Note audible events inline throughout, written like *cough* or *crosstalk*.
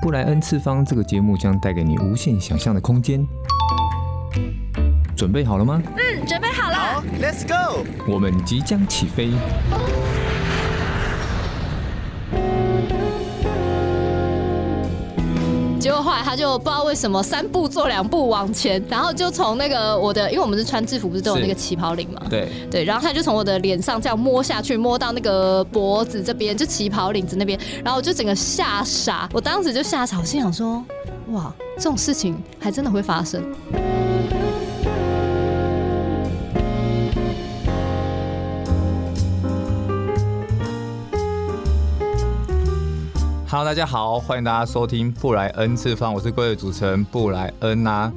布萊恩次方這個節目將帶給你無限想象的空間，準備好了嗎？嗯，準備好了。好，let's go，我們即將起飛。結果後來他就不知道為什麼，三步做兩步往前，然後就從那個我的，因為我們是穿制服，不是都有那個旗袍領嘛？對對，然後他就從我的臉上這樣摸下去，摸到那個脖子這邊，就旗袍領子那邊，然後我就整個嚇傻，我當時就嚇傻，我心想說：哇，這種事情還真的會發生。哈嘍，大家好，歡迎大家收聽布萊恩次方，我是各位的主持人布萊恩吶、啊。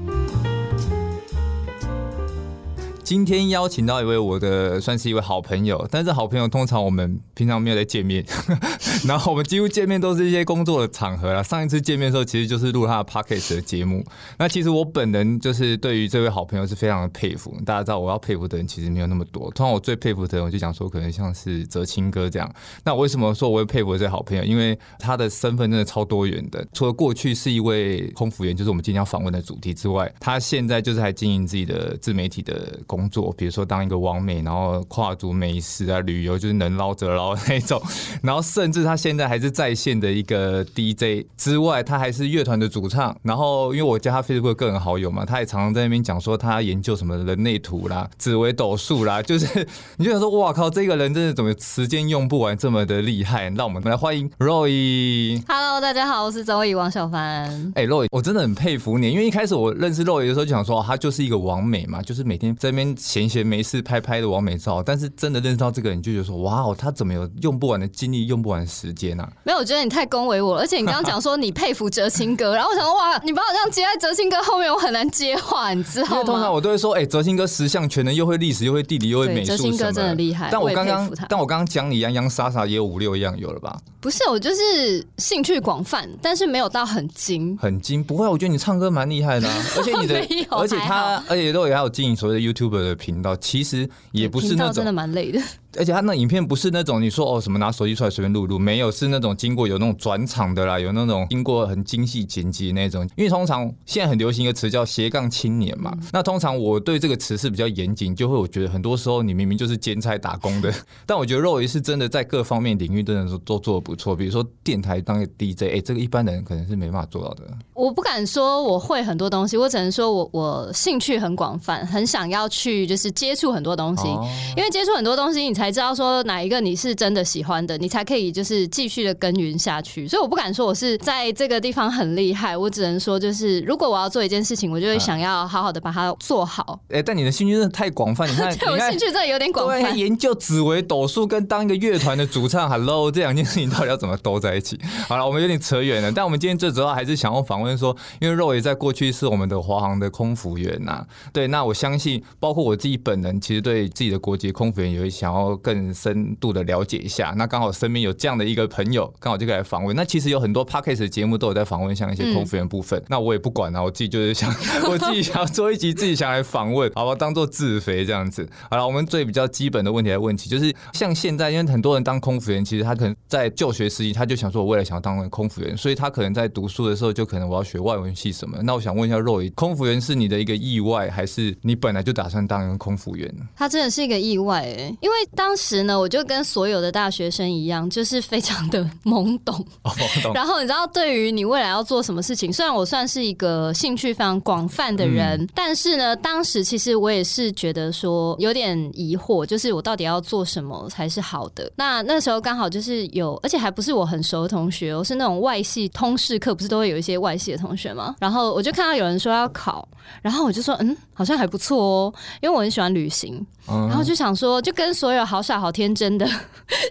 今天邀請到一位我的算是一位好朋友，但是好朋友通常我們平常沒有在見面，呵呵然後我們幾乎見面都是一些工作的場合了。上一次見面的時候，其實就是錄他的 Podcast 的節目。那其實我本人就是對於這位好朋友是非常的佩服。大家知道我要佩服的人其實沒有那麼多，通常我最佩服的人，我就想說可能像是哲青哥這樣。那我為什麼說我會佩服這位好朋友？因為他的身份真的超多元的。除了過去是一位空服員，就是我們今天要訪問的主題之外，他現在就是還經營自己的自媒體的。工作，比如說當一個網美，然後跨足美食啊、旅遊，就是能撈則撈那種。然後甚至他現在還是在線的一個 DJ 之外，他還是樂團的主唱。然後因為我加他 Facebook 個人好友嘛，他也常常在那邊講說他研究什麼人類圖啦、紫微斗數啦，就是你就想說哇靠，這個人真的怎麼時間用不完這麼的厲害？那我們來歡迎 Roy。Hello，大家好，我是周以王小凡。哎、欸，Roy，我真的很佩服你，因為一開始我認識 Roy 的時候就想說、哦、他就是一個網美嘛，就是每天在那邊。閒閒沒事拍拍的網美照，但是真的認識到這個人，就覺得說哇哦，他怎麼有用不完的精力，用不完的時間呢、啊？沒有，我覺得你太恭維我了。而且你剛剛講說你佩服哲青哥， *laughs* 然後我想說哇，你把我這樣接在哲青哥後面，我很難接話，你知道嗎，通常我都會說，哎、欸，哲青哥十項全能，又會歷史，又會地理，又會美術，哲青哥真的厲害。但我剛剛，但我剛剛講你洋洋灑灑也有五六樣有了吧？不是，我就是興趣廣泛，但是沒有到很精很精。不會，我覺得你唱歌蠻厲害的、啊，而且你的， *laughs* 而且他，而且都也還有經營所謂的 YouTube。的頻道，其實也不是那種真的蠻累的，而且他那影片，不是那種你說哦，什麼拿手機出來隨便錄錄，沒有，是那種經過有那種轉場的啦，有那種經過很精細剪輯的那種。因為通常現在很流行一個詞叫斜槓青年嘛，嗯、那通常我對這個詞是比較嚴謹，就會我覺得很多時候你明明就是兼差打工的，但我覺得 Zoe 是真的在各方面領域都能做，都做得不錯。比如說電台當個 DJ，哎、欸，這個一般的人可能是沒辦法做到的。我不敢說我會很多東西，我只能說我我興趣很廣泛，很想要去。去就是接觸很多東西，哦、因為接觸很多東西，你才知道說哪一個你是真的喜歡的，你才可以就是繼續的耕耘下去。所以我不敢說我是在這個地方很厲害，我只能說就是如果我要做一件事情，我就會想要好好的把它做好。哎、啊欸，但你的興趣真的太廣泛，你看， *laughs* 你看我興趣真的有點廣泛，對，研究紫微斗數跟當一個樂團的主唱 *laughs* ，Hello，這兩件事情到底要怎麼兜在一起？好了，我們有點扯遠了， *laughs* 但我們今天最主要還是想要訪問說，因為 Zoe 在過去是我們的華航的空服員吶、啊，對，那我相信包。包括我自己本人，其實對自己的國籍空服員有想要更深度的了解一下。那剛好身邊有這樣的一個朋友，剛好就可以來訪問。那其實有很多 podcast 的節目都有在訪問像一些空服員部分、嗯。那我也不管了、啊，我自己就是想，我自己想要做一集，自己想來訪問，好吧，當做自肥這樣子。好了，我們最比較基本的問題來問起就是像現在，因為很多人當空服員，其實他可能在就學時期，他就想說我未來想要當空服員，所以他可能在讀書的時候就可能我要學外文系什麼。那我想問一下，Zoe 空服員是你的一個意外，還是你本來就打算？當空服員呢，他真的是一個意外誒、欸，因為當時呢，我就跟所有的大學生一樣，就是非常的懵懂，懵懂。然後你知道，對於你未來要做什麼事情，雖然我算是一個興趣非常廣泛的人，嗯、但是呢，當時其實我也是覺得說有點疑惑，就是我到底要做什麼才是好的？那那時候剛好就是有，而且還不是我很熟的同學，我是那種外系通識課，不是都會有一些外系的同學嗎？然後我就看到有人說要考，然後我就說，嗯，好像還不錯哦。因為我很喜歡旅行，嗯，然後就想說，就跟所有好傻好天真的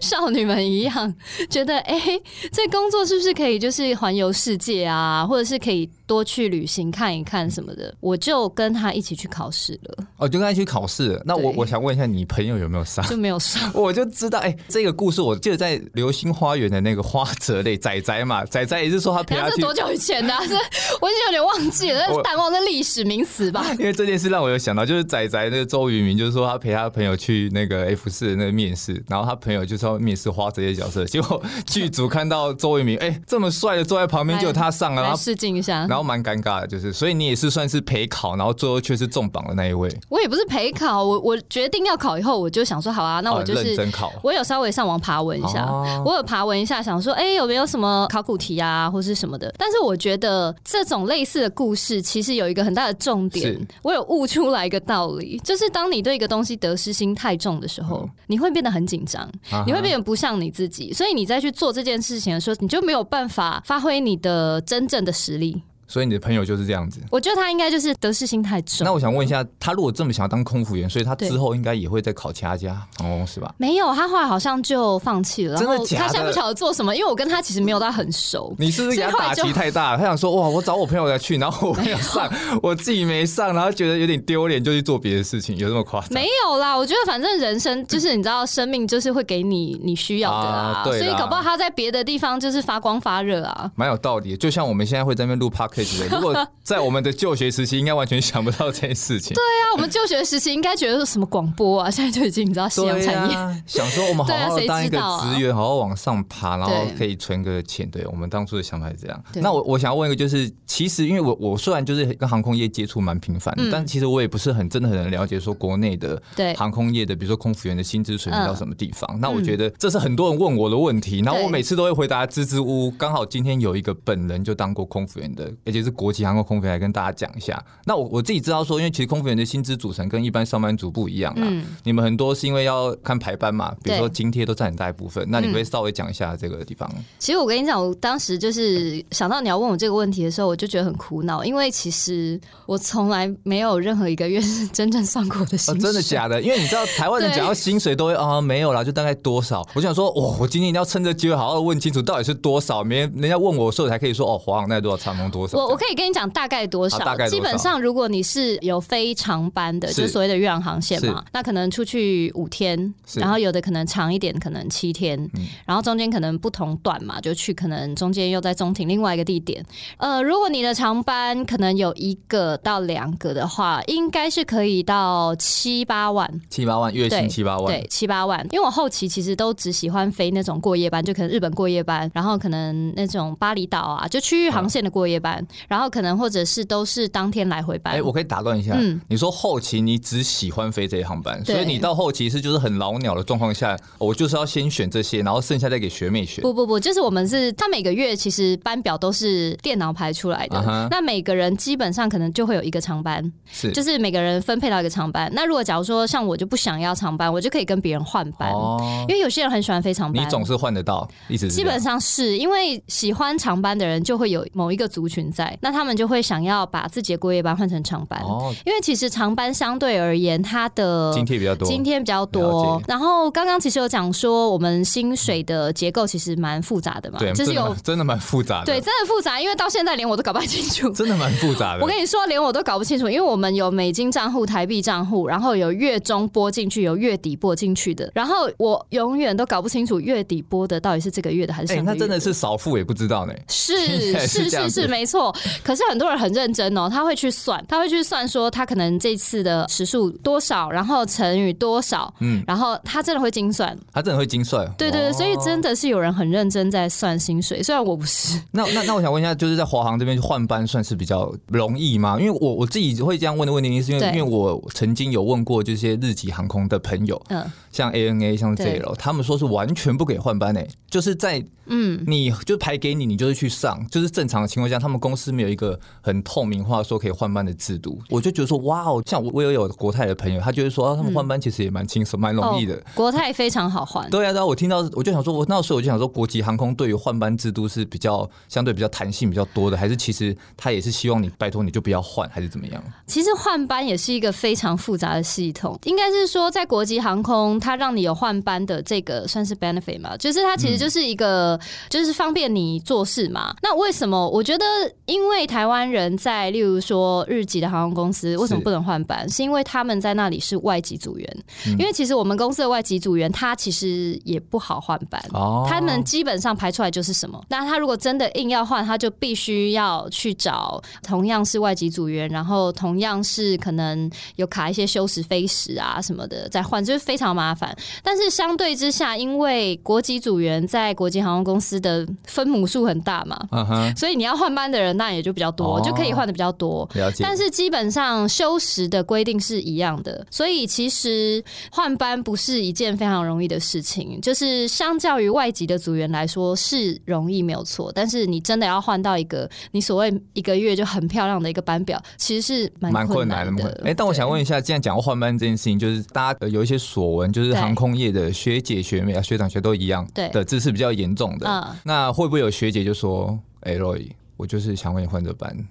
少女們一樣，覺得哎，欸，這工作是不是可以就是環遊世界啊，或者是可以。多去旅行看一看什麼的，我就跟他一起去考試了。哦，就跟他一起去考試。那我我想問一下，你朋友有沒有上？就沒有上。我就知道，哎、欸，這個故事我記得在《流星花園》的那個花澤類仔仔嘛，仔仔也是說他陪他。這是多久以前的、啊這？我已經有點忘記了，但是淡忘這歷史名詞吧。因為這件事讓我有想到，就是仔仔那個周渝民，就是說他陪他朋友去那個 F 四的那個面試，然後他朋友就是說面試花澤的角色，結果劇組看到周渝民，哎、欸，這麼帥的坐在旁邊，就有他上了，然後試鏡一下，然後。蠻尷尬的，就是所以你也是算是陪考，然後最後卻是中榜的那一位。我也不是陪考，我我決定要考以後，我就想說，好啊，那我就是、嗯、認真考。我有稍微上網爬文一下，啊、我有爬文一下，想說，哎、欸，有沒有什麼考古題啊，或者是什麼的？但是我覺得這種類似的故事，其實有一個很大的重點，我有悟出來一個道理，就是當你對一個東西得失心太重的時候，嗯、你會變得很緊張、啊，你會變得不像你自己，所以你再去做這件事情的時候，你就沒有辦法發揮你的真正的實力。所以你的朋友就是這樣子，我覺得他應該就是得失心太重。那我想問一下，他如果這麼想要當空服員，所以他之後應該也會再考其他家哦，是吧？沒有，他後來好像就放棄了，然後下下了。真的假的？他現在不曉得做什麼，因為我跟他其實沒有到很熟。你是不是給他打擊太大了？他想說，哇，我找我朋友來去，然後我沒有上沒有，我自己沒上，然後覺得有點丟臉，就去做別的事情，有這麼誇張？沒有啦，我覺得反正人生就是你知道，生命就是會給你你需要的啊。啊對，所以搞不好他在別的地方就是發光發熱啊。蠻有道理的，就像我們現在會在那邊錄 Podcast。 *laughs* 如果在我們的就學時期，應該完全想不到這件事情。 *laughs* 對呀、啊，我們就學時期應該覺得說，什麼廣播啊，現在就已經你知道夕陽產業，想說我們好好當一個職員、 *laughs* 啊啊，好好往上爬，然後可以存個錢。對我們當初的想法是這樣。對，那我我想要問一個，就是其實因為我我雖然就是跟航空業接觸蠻頻繁，嗯，但其實我也不是很真的很了解說，國內的對航空業的，比如說空服員的薪資水平到什麼地方，嗯。那我覺得這是很多人問我的問題，然後我每次都會回答支支吾吾。剛好今天有一個本人就當過空服員的。而且是國際航空空服，來跟大家講一下。那我我自己知道說，因為其實空服員的薪資組成跟一般上班族不一樣啦、嗯。你們很多是因為要看排班嘛，比如說津貼都占很大一部分。那你可,不可以稍微講一下這個地方。嗯、其實我跟你講，我當時就是想到你要問我這個問題的時候，我就覺得很苦惱，因為其實我從來沒有任何一個月是真正算過的薪水。哦、真的假的？因為你知道台灣人講到薪水都會哦沒有啦，就大概多少？我想說，哦，我今天一定要趁這機會好好的問清楚到底是多少，明天人家問我的時候才可以說哦，華航那多少長榮多少。 *laughs* 我我可以跟你講大、大概多少？基本上如果你是有飛長班的，是就是所謂的越洋航線嘛，那可能出去五天，然後有的可能長一點，可能七天，然後中間可能不同段嘛，就去可能中間又在中停另外一個地點。呃，如果你的長班可能有一個到兩個的話，應該是可以到七八萬，七八萬，月薪七八萬，對，對七八萬。因為我後期其實都只喜歡飛那種過夜班，就可能日本過夜班，然後可能那種巴厘島啊，就區域航線的過夜班。嗯然後可能或者是都是當天來回班。哎、欸，我可以打斷一下。嗯，你說後期你只喜歡飛這一航班，所以你到後期是就是很老鳥的狀況下，哦，我就是要先選這些，然後剩下再給學妹選。不不不，就是我們是，他每個月其實班表都是電腦排出來的。啊、那每個人基本上可能就會有一個長班，是就是每個人分配到一個長班。那如果假如說像我就不想要長班，我就可以跟別人換班，哦、因為有些人很喜歡飛長班，你總是換得到，一直基本上是，因為喜歡長班的人就會有某一個族群。在那，他們就會想要把自己的過夜班換成長班、哦，因為其實長班相對而言，它的津貼比較多，津貼比較多。然後剛剛其實有講說，我們薪水的結構其實蠻複雜的嘛，對就是有真的蠻複雜的，對，真的複雜，因為到現在連我都搞不太清楚，真的蠻複雜的。我跟你說，連我都搞不清楚，因為我們有美金賬戶、台幣賬戶，然後有月中撥進去，有月底撥進去的，然後我永遠都搞不清楚月底撥的到底是這個月的還是上、欸、那真的是少付也不知道呢，是是是是,是,是沒錯。哦，可是很多人很認真哦，他會去算，他會去算說他可能這次的時數多少，然後乘以多少，嗯，然後他真的會精算，他真的會精算，對對對，哦，所以真的是有人很認真在算薪水，雖然我不是。那那那我想問一下，就是在華航這邊換班算是比較容易嗎？因為我我自己會這樣問的問題，是因為因為我曾經有問過這些日籍航空的朋友，嗯，像 ANA 像 JL，他們說是完全不給換班哎，就是在嗯，你就排給你，你就是去上，就是正常的情況下，他們公。公司沒有一個很透明化說可以換班的制度，我就覺得說哇哦，像我我也有國泰的朋友，他就是說他們換班其實也蠻輕鬆、蠻、嗯、容易的、哦。國泰非常好換。對啊，然後、啊、我聽到我就想說，我那時候我就想說，國際航空對於換班制度是比較相對比較彈性比較多的，還是其實他也是希望你拜托你就不要換，還是怎麼樣？其實換班也是一個非常複雜的系統，應該是說在國際航空，它讓你有換班的這個算是 benefit 嘛，就是它其實就是一個、嗯、就是方便你做事嘛。那為什麼我覺得？因為台灣人在，例如說日籍的航空公司，為什麼不能換班是？是因為他們在那裡是外籍組員、嗯。因為其實我們公司的外籍組員，他其實也不好換班。哦，他們基本上排出來就是什麼？那他如果真的硬要換，他就必須要去找同樣是外籍組員，然後同樣是可能有卡一些休時、飛時啊什麼的再換，就是非常麻煩。但是相對之下，因為國籍組員在國際航空公司的分母數很大嘛、啊，所以你要換班的人。那也就比較多，哦、就可以換的比較多。了解，但是基本上休息的規定是一樣的，所以其實換班不是一件非常容易的事情。就是相較於外籍的組員來說是容易沒有錯，但是你真的要換到一個你所謂一個月就很漂亮的一個班表，其實是蠻困難的。哎、欸，但我想問一下，既然講換班這件事情，就是大家有一些所聞，就是航空業的學姐學妹啊、學長學都一樣的，對，姿勢比較嚴重的、嗯，那會不會有學姐就說：“哎、欸，Zoe。”我就是想問你換着班。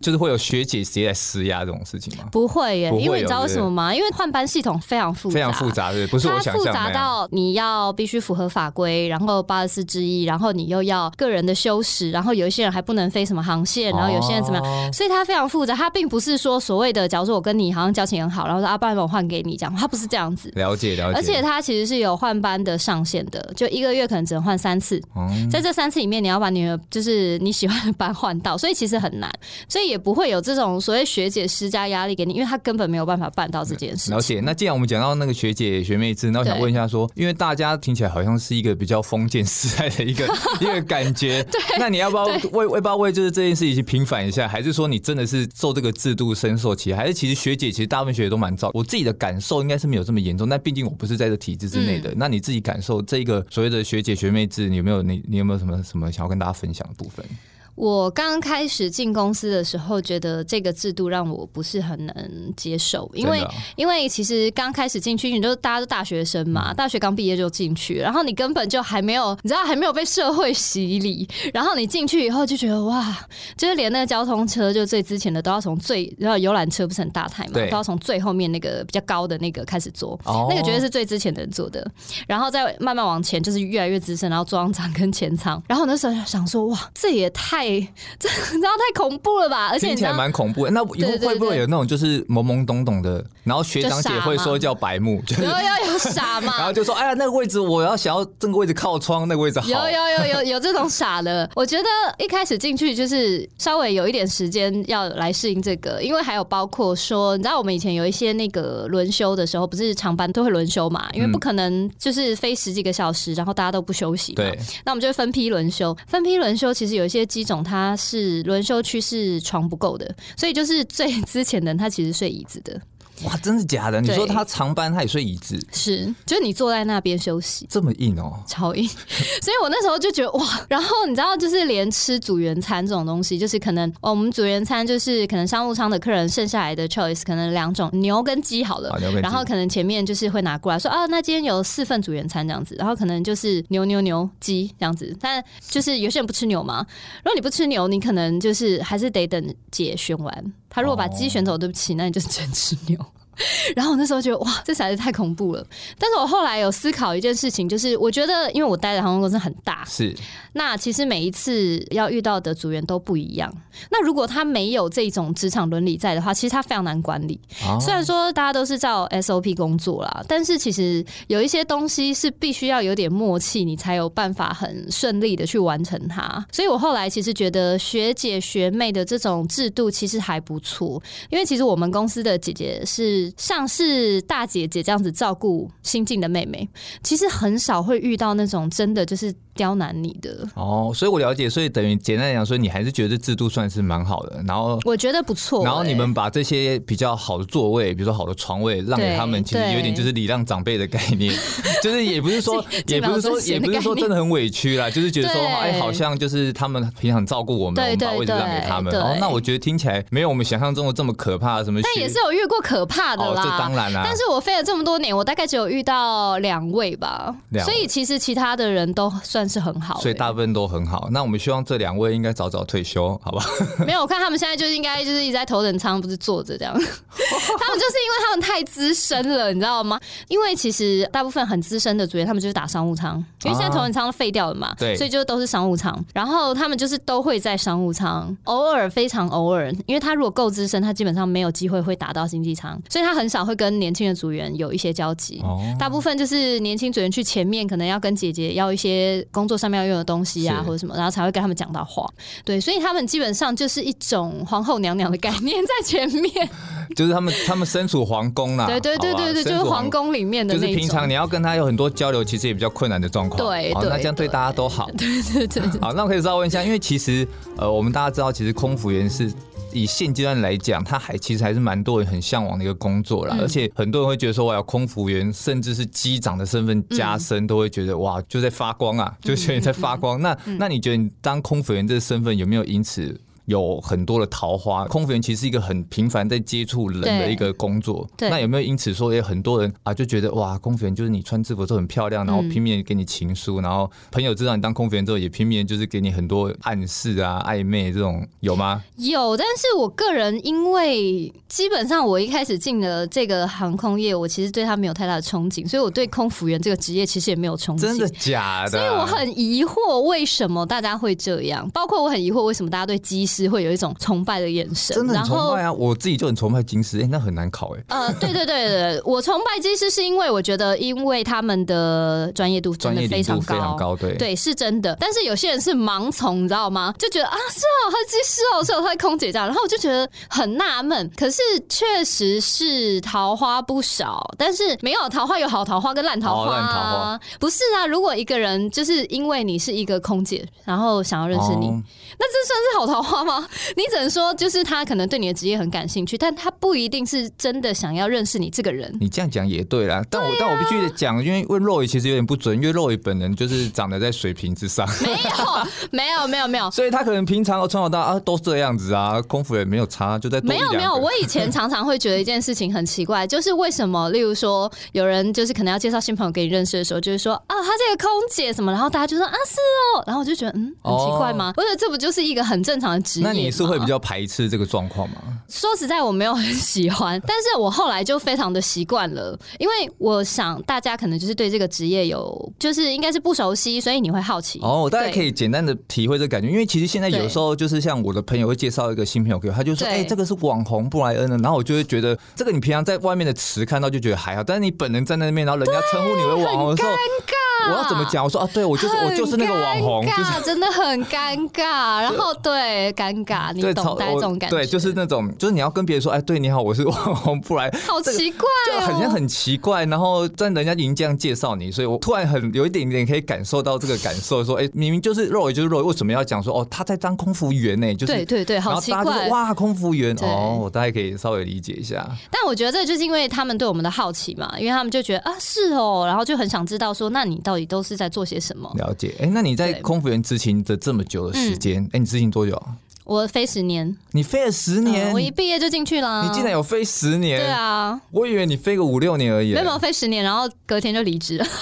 就是會有學姐直接來施壓這種事情嗎？不會耶，不會，因為你知道為什麼嗎？是，是因為換班系統非常複雜，非常複雜，對，不是我想它複雜到你要必須符合法規，嗯，然後八十四之一，然後你又要個人的休息，然後有一些人還不能飛什麼航線，然後有些人怎麼樣，哦，所以它非常複雜。它並不是說所謂的，假如說我跟你好像交情很好，然後說阿班，啊、我換給你講，它不是這樣子。了解了解。而且它其實是有換班的上限的，就一個月可能只能換三次，嗯，在這三次裡面，你要把你的就是你喜歡的班換到，所以其實很難。所以。也不會有這種所謂學姐施加壓力給你，因為他根本沒有辦法辦到這件事情。嗯，了解。那既然我們講到那個學姐學妹制，那我想問一下說，說因為大家聽起來好像是一個比較封建時代的一個 *laughs* 一個感覺 *laughs* 對，那你要不要為要不要為就是這件事情去平反一下？還是說你真的是受這個制度深受其害？還是其實學姐其實大部分學姐都蠻糟？我自己的感受應該是沒有這麼嚴重，但畢竟我不是在這體制之內的，嗯。那你自己感受這個所謂的學姐學妹制，你有沒有你你有沒有什麼什麼想要跟大家分享的部分？我剛開始進公司的時候，覺得這個制度讓我不是很能接受，因為、哦、因為其實剛開始進去，你就大家都大學生嘛，嗯、大學剛畢業就進去，然後你根本就還沒有，你知道還沒有被社會洗禮，然後你進去以後就覺得哇，就是連那個交通車就最之前的都要從最然後遊覽車不是很大台嘛，都要從最後面那個比較高的那個開始坐，哦、那個覺得是最之前的人坐的，然後再慢慢往前，就是越來越資深，然後中艙跟前艙，然後那時候想說哇，這也太。哎、欸，這你知道太恐怖了吧而且？聽起來蠻恐怖的。那有會不會有那種就是懵懵懂懂的？然後學長姐會說叫白目，就要、是、有,有,有傻嘛？然後就說：“哎呀，那個位置我要想要這個位置靠窗，那個位置好。”有有有有有這種傻的。 *laughs* 我覺得一開始進去就是稍微有一點時間要來適應這個，因為還有包括說，你知道我們以前有一些那個輪休的時候，不是長班都會輪休嘛？因為不可能就是飛十幾個小時，然後大家都不休息。對、嗯，那我們就分批輪休，分批輪休。其實有一些機種。他是輪休區是床不夠的，所以就是最之前的人他其實睡椅子的。哇，真的假的？你說他長班他也睡椅子，是，就你坐在那邊休息，這麼硬哦、喔，超硬。 *laughs* 所以我那時候就覺得哇，然後你知道，就是連吃組員餐這種東西，就是可能、哦、我們組員餐就是可能商務艙的客人剩下來的 choice，可能兩種牛跟雞好了好。然後可能前面就是會拿過來說啊，那今天有四份組員餐這樣子，然後可能就是牛牛牛雞這樣子，但就是有些人不吃牛嘛，如果你不吃牛，你可能就是還是得等姐選完。他如果把雞選走，哦、對不起，那你就整隻牛。 *laughs* 然後我那時候覺得哇，這實在是太恐怖了。但是我後來有思考一件事情，就是我覺得，因為我待的航空公司很大，是那其實每一次要遇到的組員都不一樣。那如果他沒有這種職場倫理在的話，其實他非常難管理，啊。雖然說大家都是照 SOP 工作啦，但是其實有一些東西是必須要有點默契，你才有辦法很順利的去完成它。所以我後來其實覺得學姐學妹的這種制度其實還不錯，因為其實我們公司的姐姐是。像是大姐姐這樣子照顧新進的妹妹，其實很少會遇到那種真的就是刁難你的。哦，所以我了解，所以等於簡單講說，你還是覺得制度算是蠻好的。然後我覺得不錯、欸。然後你們把這些比較好的座位，比如說好的床位讓給他們，其實有點就是禮讓長輩的概念，就是也不是說 *laughs* 是也不是說也不是說真的很委屈啦，就是覺得說哎、欸，好像就是他們平常照顧我們，對對對我們把位置讓給他們。哦，那我覺得聽起來沒有我們想象中的這麼可怕。什麼？但也是有遇過可怕的。哦，這當然啦、啊。但是我飛了這麼多年，我大概只有遇到兩位吧位，所以其實其他的人都算是很好、欸，所以大部分都很好。那我們希望這兩位應該早早退休，好吧？沒有，我看他們現在就應該就是一直在頭等艙，不是坐着這樣、哦。他們就是因為他們太資深了，你知道嗎？因為其實大部分很資深的主演，他們就是打商務艙，因為現在頭等艙廢掉了嘛，對、啊，所以就都是商務艙。然後他們就是都會在商務艙，偶爾非常偶爾，因為他如果夠資深，他基本上沒有機會會打到經濟艙，所以。他很少會跟年輕的組員有一些交集，大部分就是年輕組員去前面，可能要跟姐姐要一些工作上面要用的東西啊，或者什麼，然後才會跟他們講到話。對，所以他們基本上就是一種皇後娘娘的概念在前面 *laughs* ，就是他們他們身處皇宮啊。對對對對對，就是皇宮裡面的。就是平常你要跟他有很多交流，其實也比較困難的狀況。對對,對,對,對,對,對，好，那這樣對大家都好。對對對,對，好，那我可以再問一下，因為其實呃，我們大家知道，其實空服員是。以現階段來講，他還其實還是蠻多人很向往的一個工作啦，嗯，而且很多人會覺得說，哇，空服員，甚至是機長的身份加身，嗯，都會覺得哇，就在發光啊，就覺得在發光。嗯嗯嗯，那那你覺得你當空服員這個身份有沒有因此？有很多的桃花，空服員其實是一個很頻繁在接觸人的一個工作。對。那有沒有因此說，有很多人啊就覺得哇，空服員就是你穿制服都很漂亮，然後拼命給你情書，然後朋友知道你當空服員之後也拼命就是給你很多暗示啊、曖昧這種有嗎？有，但是我個人因為基本上我一開始進了這個航空業，我其實對他沒有太大的憧憬，所以我對空服員這個職業其實也沒有憧憬。真的假的啊？所以我很疑惑為什麼大家會這樣，包括我很疑惑為什麼大家對機。只會有一種崇拜的眼神，真的崇拜啊！我自己就很崇拜機師，哎、欸，那很難考哎。呃，對對對對，我崇拜機師是因為我覺得，因為他們的專業度真的非常高，非常高，對對，是真的。但是有些人是盲從，你知道嗎？就覺得啊，是哦，他是機師哦，是哦，他是空姐這樣，然後我就覺得很納悶。可是確實是桃花不少，但是沒有桃花有好桃花跟爛桃花。爛桃花不是啊？如果一個人就是因為你是一個空姐，然後想要認識你，哦、那這算是好桃花？你只能說，就是他可能對你的職業很感興趣，但他不一定是真的想要認識你這個人。你這樣講也對啦，但我、啊、但我必須得講，因為問若雨其實有點不準，因為若雨本人就是長得在水平之上。沒有，沒有，沒有，沒有。所以他可能平常我從小到大啊都是這樣子啊，功夫也沒有差，就在沒有沒有。我以前常常會覺得一件事情很奇怪，就是為什麼，例如說有人就是可能要介紹新朋友給你認識的時候，就是說啊，他這個空姐什麼，然後大家就說啊，是哦，然後我就覺得嗯，很奇怪嗎、哦？我覺得這不就是一個很正常的職業。那你是會比較排斥這個狀況嗎？說實在，我沒有很喜歡， *laughs* 但是我後來就非常的習慣了，因為我想大家可能就是對這個職業有，就是應該是不熟悉，所以你會好奇。哦，大家可以簡單的體會這個感覺，因為其實現在有時候就是像我的朋友會介紹一個新朋友給我，他，就說：“哎、欸，這個是網紅布萊恩的。”然後我就會覺得，這個你平常在外面的詞看到就覺得還好，但是你本人站在那邊，然後人家稱呼你為網紅的時候。我要怎麼講？我說啊，對，我就是我就是那個網紅，就是真的很尷尬。然後對，尷尬，你懂得這種感覺對？對，就是那種，就是你要跟別人說，哎、欸，對你好，我是網紅，不然好奇怪、哦，這個、就好像很奇怪。然後但人家已經這樣介紹你，所以我突然很有一點點可以感受到這個感受， *laughs* 說，哎、欸，明明就是 Roy，就是 Roy，為什麼要講說，哦、喔，他在當空服員呢、欸？就是對對對，好奇怪。然後就是、哇，空服員哦，我大概可以稍微理解一下。但我覺得這就是因為他們對我們的好奇嘛，因為他們就覺得啊，是哦，然後就很想知道說，那你到。你都是在做些什麼？了解，哎、欸，那你在空服員執勤的這麼久的時間，哎、欸，你執行多久？我飛十年，你飛了十年，呃、我一畢業就進去了，你竟然有飛十年？對啊，我以為你飛個五六年而已，沒有，沒有飛十年，然後隔天就離職了。 *laughs*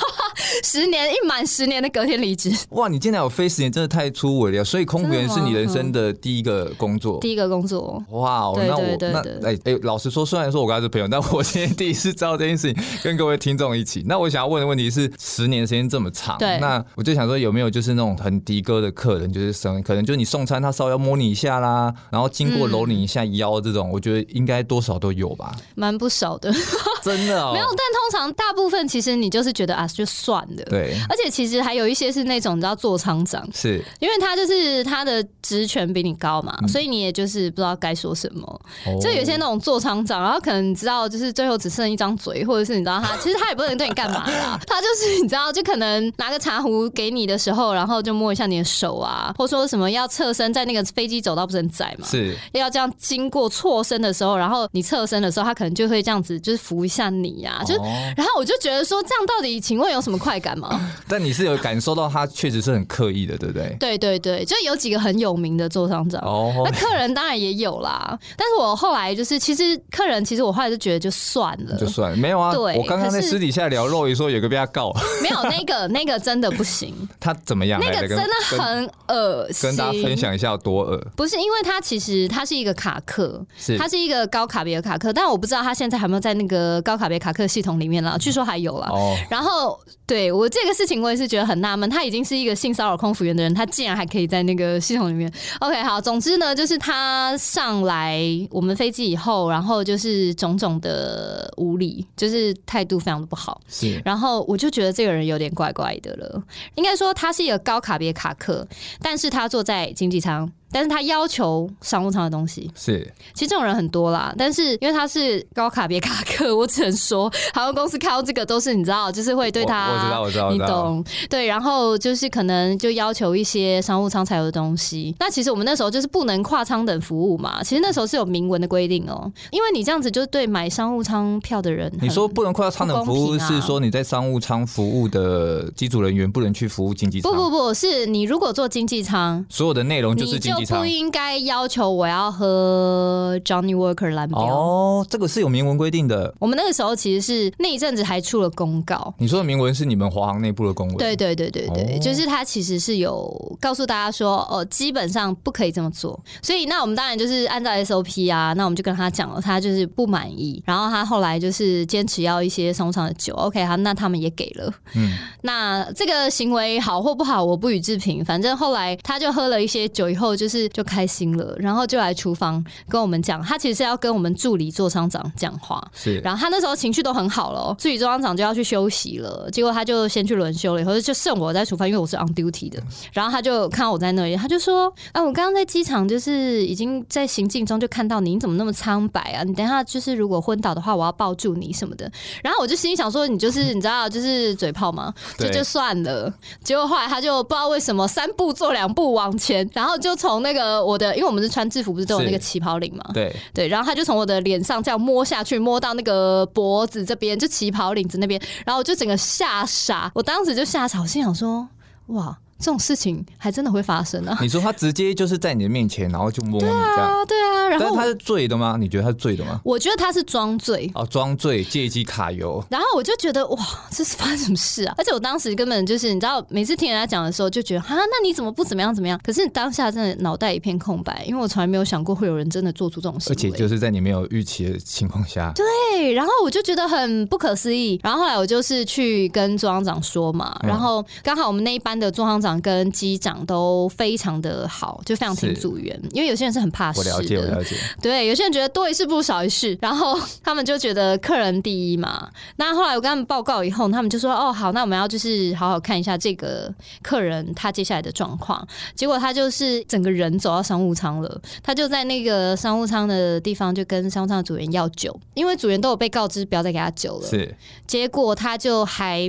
十年一滿，十年的隔天離職。哇，你進來有飛十年，真的太出位了。所以空服員是你人生的第一個工作，嗯、第一個工作。哇、wow,，那我那哎哎，老實說，雖然說我跟他是朋友，但我今天第一次知道這件事情，跟各位聽眾一起。那我想要問的問題是，十年時間這麼長對，那我就想說，有沒有就是那種很的哥的客人，就是可能就是、你送餐，他稍微要摸你一下啦，然後經過摟你一下腰這種，嗯、我覺得應該多少都有吧，蠻不少的， *laughs* 真的、哦、沒有。但通常大部分其實你就是覺得啊，就是。賺的，對，而且其實還有一些是那種你知道座艙長，是，因為他就是他的職權比你高嘛，嗯，所以你也就是不知道該說什麼。哦，就有些那種座艙長，然後可能你知道，就是最後只剩一張嘴，或者是你知道他其實他也不能對你幹嘛啦， *laughs* 他就是你知道，就可能拿個茶壺給你的時候，然後就摸一下你的手啊，或說什麼要側身，在那個飛機走道不是很窄嘛，是，要這樣經過錯身的時候，然後你側身的時候，他可能就會這樣子就是扶一下你呀，啊，就，哦，然後我就覺得說這樣到底請問有什麼？快感嗎 *coughs* ？但你是有感受到他確實是很刻意的，對不對？對對對，就有幾個很有名的座上長哦，那客人當然也有啦。但是我後來就是，其實客人，其實我後來就覺得就算了，就算了沒有啊。對，我剛剛在私底下聊肉魚，說有個被他告了，沒有那個那個真的不行。 *laughs* 他怎麼樣？那個真的很噁心。跟，跟大家分享一下有多噁。不是因為他其實他是一個卡克，他是一個高卡別的卡克，但我不知道他現在還沒有在那個高卡別卡克系統裡面了。據說還有了哦，然後。對，我這個事情，我也是覺得很納悶。他已經是一個性騷擾空服員的人，他竟然還可以在那個系統裡面。OK，好，總之呢，就是他上來我們飛機以後，然後就是種種的無理，就是態度非常的不好。是，然後我就覺得這個人有點怪怪的了。應該說他是一個高卡別卡客，但是他坐在經濟艙。但是他要求商務艙的東西是，其實這種人很多啦，但是因為他是高卡別卡客，我只能說航空公司看到這個都是你知道，就是會對他，我，我知道，我知道，我知道，你懂，對，然後就是可能就要求一些商務艙才有的東西。那其實我們那時候就是不能跨艙等服務嘛，其實那時候是有明文的規定哦、喔，因為你這樣子就對買商務艙票的人很不公平啊，你說不能跨艙等服務是說你在商務艙服務的機組人員不能去服務經濟艙，不不不，不是，你如果做經濟艙，所有的內容就是經濟艙。不應該要求我要喝 Johnny Walker 藍標哦，oh, 這個是有明文規定的。我們那個時候其實是那一陣子還出了公告。你說的明文是你們華航內部的公文，對對對對對，oh. 就是他其實是有告訴大家說，哦，基本上不可以這麼做。所以那我們當然就是按照 SOP 啊，那我們就跟他講了，他就是不滿意。然後他後來就是堅持要一些商務艙的酒，OK，好，那他們也給了。嗯，那這個行為好或不好，我不予置評。反正後來他就喝了一些酒，以後就是。是就開心了，然後就來廚房跟我們講，他其實是要跟我們助理座艙長講話。是，然後他那時候情緒都很好了，助理座艙長就要去休息了，結果他就先去輪休了，以後就剩我在廚房，因為我是 on duty 的。然後他就看到我在那裡，他就說：“啊，我剛剛在機場就是已經在行進中就看到你，你怎麼那麼蒼白啊？你等一下就是如果昏倒的話，我要抱住你什麼的。”然後我就心裡想說：“你就是你知道就是嘴炮嗎？這就，就算了。”結果後來他就不知道為什麼三步做兩步往前，然後就從。從那個我的，因為我們是穿制服，不是都有那個旗袍領嘛？對對，然後他就從我的臉上這樣摸下去，摸到那個脖子這邊，就旗袍領子那邊，然後我就整個嚇傻，我當時就嚇傻，我心想說：哇！這種事情還真的會發生啊！你說他直接就是在你的面前，然後就摸你這樣，對啊，對啊。然後他是醉的嗎？你覺得他是醉的嗎？我覺得他是裝醉哦，裝醉借機卡油。然後我就覺得哇，這是發生什麼事啊！而且我當時根本就是你知道，每次聽人家講的時候，就覺得啊，那你怎麼不怎麼樣怎麼樣？可是你當下真的腦袋一片空白，因為我從來沒有想過會有人真的做出這種事。而且就是在你沒有預期的情況下。對，然後我就覺得很不可思議。然後後來我就是去跟座艙長說嘛，然後剛好我們那一班的座艙長。跟機長都非常的好，就非常聽組員，因為有些人是很怕事的。我了解，我了解。對，有些人覺得多一事不如少一事，然後他們就覺得客人第一嘛。那後來我跟他們報告以後，他們就說：“哦，好，那我們要就是好好看一下這個客人他接下來的狀況。”結果他就是整個人走到商務艙了，他就在那個商務艙的地方就跟商務艙的組員要酒，因為組員都有被告知不要再給他酒了。是，結果他就還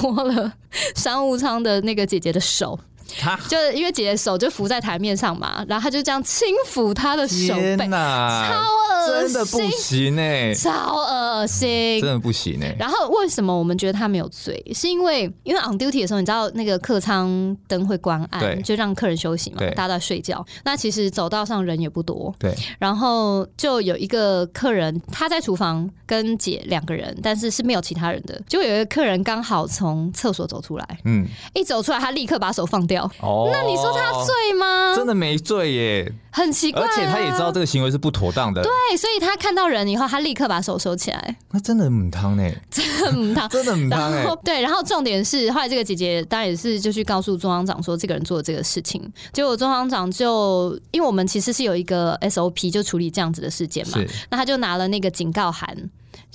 摸了商務艙的那個姐姐的手。他就是因為姐姐手就扶在台面上嘛，然後他就這樣輕撫她的手背，啊、超噁心，真的不行、欸、超噁心，真的不行哎、欸。然後為什麼我們覺得他沒有罪？是因為因為 on duty 的時候，你知道那個客艙燈會關暗，對，就讓客人休息嘛，對，大家在睡覺。那其實走道上人也不多，對。然後就有一個客人他在廚房跟姐兩個人，但是是沒有其他人的。結果有一個客人剛好從廁所走出來，嗯，一走出來他立刻把手放掉。哦，那你說他醉嗎？真的沒醉耶，很奇怪、啊，而且他也知道這個行為是不妥當的。對，所以他看到人以後，他立刻把手收，收起來。那真的很湯呢，真的很湯，真的很湯哎。 *laughs* 對，然後重點是後來這個姐姐當然也是就去告訴中央長說這個人做了這個事情，結果中央長就因為我們其實是有一個 SOP 就處理這樣子的事件嘛，是那他就拿了那個警告函。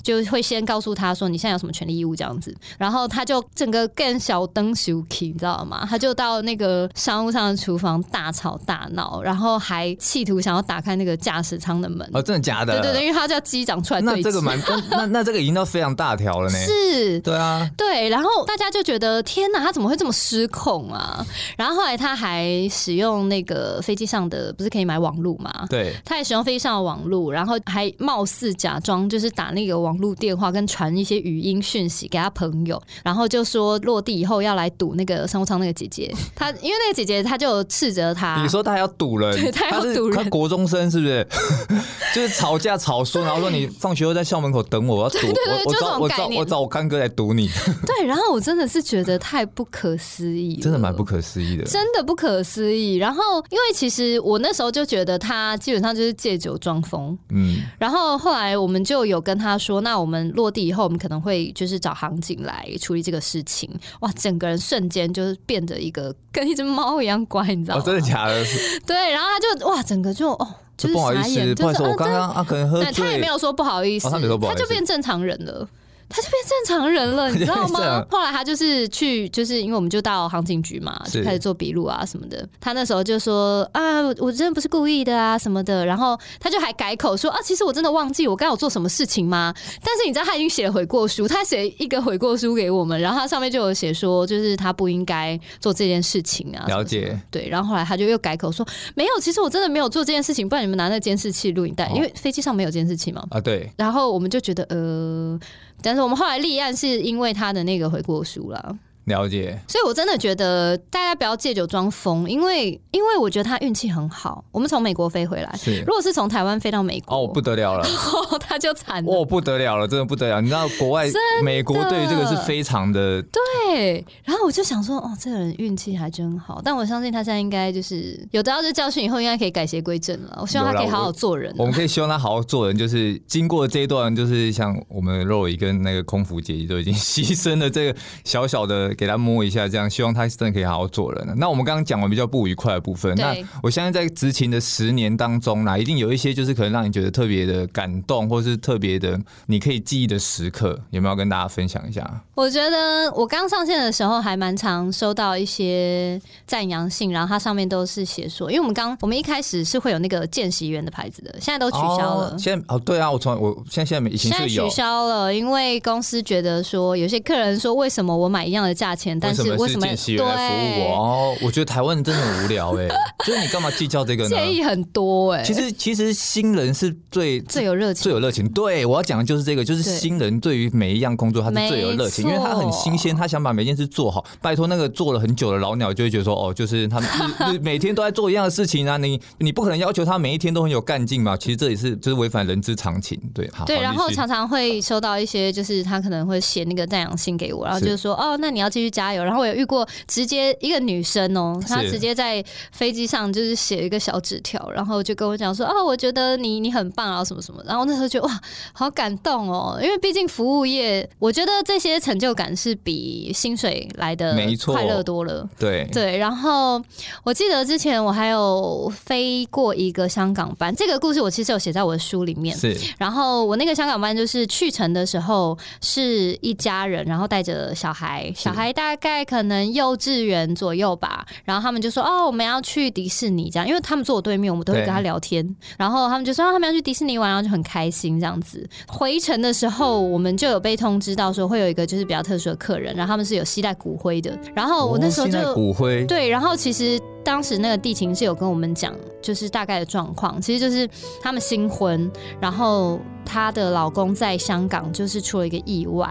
就會先告訴他說，你現在有什麼權利義務這樣子，然後他就整個干小燈 Suki 你知道嗎？他就到那個商務艙的廚房大吵大鬧，然後還企圖想要打開那個駕駛艙的門。哦，真的假的？對對、對，因為他叫機長出來。那這個蠻…… *laughs* 那那這個已經到非常大條了呢。是。對啊。對，然後大家就覺得天哪，他怎麼會這麼失控啊？然後後來他還使用那個飛機上的不是可以買網絡嘛？對。他也使用飛機上的網絡，然後還貌似假裝就是打那個網。錄電話跟傳一些語音訊息給他朋友，然後就說落地以後要來堵那個商務艙那個姐姐，他因為那個姐姐她就斥責他，你說他還要堵人，人，他她國中生是不是？ *laughs* 就是吵架吵說，然後說你放學後在校門口等我，我要堵我，我找我找，我找我乾哥來堵你。對，然後我真的是覺得太不可思議，真的蠻不可思議的，真的不可思議。然後因為其實我那時候就覺得他基本上就是借酒裝瘋，嗯，然後後來我們就有跟他說。那我們落地以後，我們可能會就是找航警來處理這個事情。哇，整個人瞬間就是變得一個跟一只貓一樣乖，你知道嗎？哦、真的假的？ *laughs* 對，然後他就哇，整個就哦，就是傻眼。不好意思，剛、就、剛、是、啊，啊，可能喝醉，對他也沒有說不好意思，哦、他沒有說不好意思，他就變正常人了。他就變正常人了，你知道嗎？Yes, 後來他就是去，就是因為我們就到航警局嘛，就開始做筆錄啊什麼的。他那時候就說啊，我真的不是故意的啊什麼的。然後他就還改口說啊，其實我真的忘記我剛剛有做什麼事情嗎？但是你知道他已經寫了悔過書，他寫一個悔過書給我們，然後他上面就有寫說，就是他不應該做這件事情啊什麼什麼。了解，對。然後後來他就又改口說，沒有，其實我真的沒有做這件事情。不然你們拿那監視器錄影帶。哦，因為飛機上沒有監視器嘛。啊，對。然後我們就覺得呃，但是。我們後來立案是因為他的那個悔過書啦。了解，所以我真的覺得大家不要借酒裝瘋，因為因為我覺得他運氣很好。我們從美國飛回來，是如果是從台灣飛到美國，哦，不得了了，然後他就慘了哦，不得了了，真的不得了。你知道國外美國對於這個是非常的對。然後我就想說，哦，這個人運氣還真好，但我相信他現在應該就是有得到這個教訓以後，應該可以改邪歸正了。我希望他可以好好做人。我， *laughs* 我們可以希望他好好做人，就是經過這一段，就是像我們肉姨跟那個空服姐姐都已經犧牲了這個小小的。給他摸一下，這樣希望他真的可以好好做人。那我們剛剛講完比較不愉快的部分，那我相信在執勤的十年當中呢，一定有一些就是可能讓你覺得特別的感動，或是特別的你可以記憶的時刻，有沒有跟大家分享一下？我覺得我剛上線的時候還蠻常收到一些讚揚信，然後它上面都是寫說，因為我們剛我們一開始是會有那個見習員的牌子的，現在都取消了。哦、現在哦，對啊，我從我現在現在以前是有現在取消了，因為公司覺得說有些客人說為什麼我買一樣的價。價錢，但是為什麼是見習員來服務我？哦，我覺得台灣人真的很無聊哎、欸。 *laughs* 就是你幹嘛計較這個呢？建議很多哎、欸。其實其實新人是最最有熱情，最有熱情。對我要講的就是這個，就是新人對於每一樣工作他是最有熱情，因為他很新鮮，他想把每件事做好。拜託那個做了很久的老鳥就會覺得說，哦，就是他們是 *laughs* 每天都在做一樣的事情啊，你你不可能要求他每一天都很有幹勁嘛。其實這也是就是違反人之常情，對。好對，然後常常會收到一些，就是他可能會寫那個讚揚信給我，然後就是說是，哦，那你要繼續加油。然後我有遇過直接一個女生哦，她直接在飛機上就是寫一個小紙條，然後就跟我講說：“哦，我覺得你你很棒啊，什麼什麼。”然後那時候就哇，好感動哦。因為畢竟服務業，我覺得這些成就感是比薪水來的快樂多了。沒錯，對對。然後我記得之前我還有飛過一個香港班，這個故事我其實有寫在我的書裡面。是。然後我那個香港班就是去程的時候是一家人，然後帶着小孩。是。還大概可能幼稚園左右吧，然後他們就說哦，我們要去迪士尼這樣，因為他們坐我對面，我們都會跟他聊天，然後他們就說、哦、他們要去迪士尼玩，然後就很開心這樣子。回程的時候，嗯、我們就有被通知到說會有一個就是比較特殊的客人，然後他們是有攜帶骨灰的，然後我那時候就、哦、骨灰對，然後其實。當時那個地勤是有跟我們講，就是大概的狀況，其實就是他們新婚，然後他的老公在香港就是出了一個意外，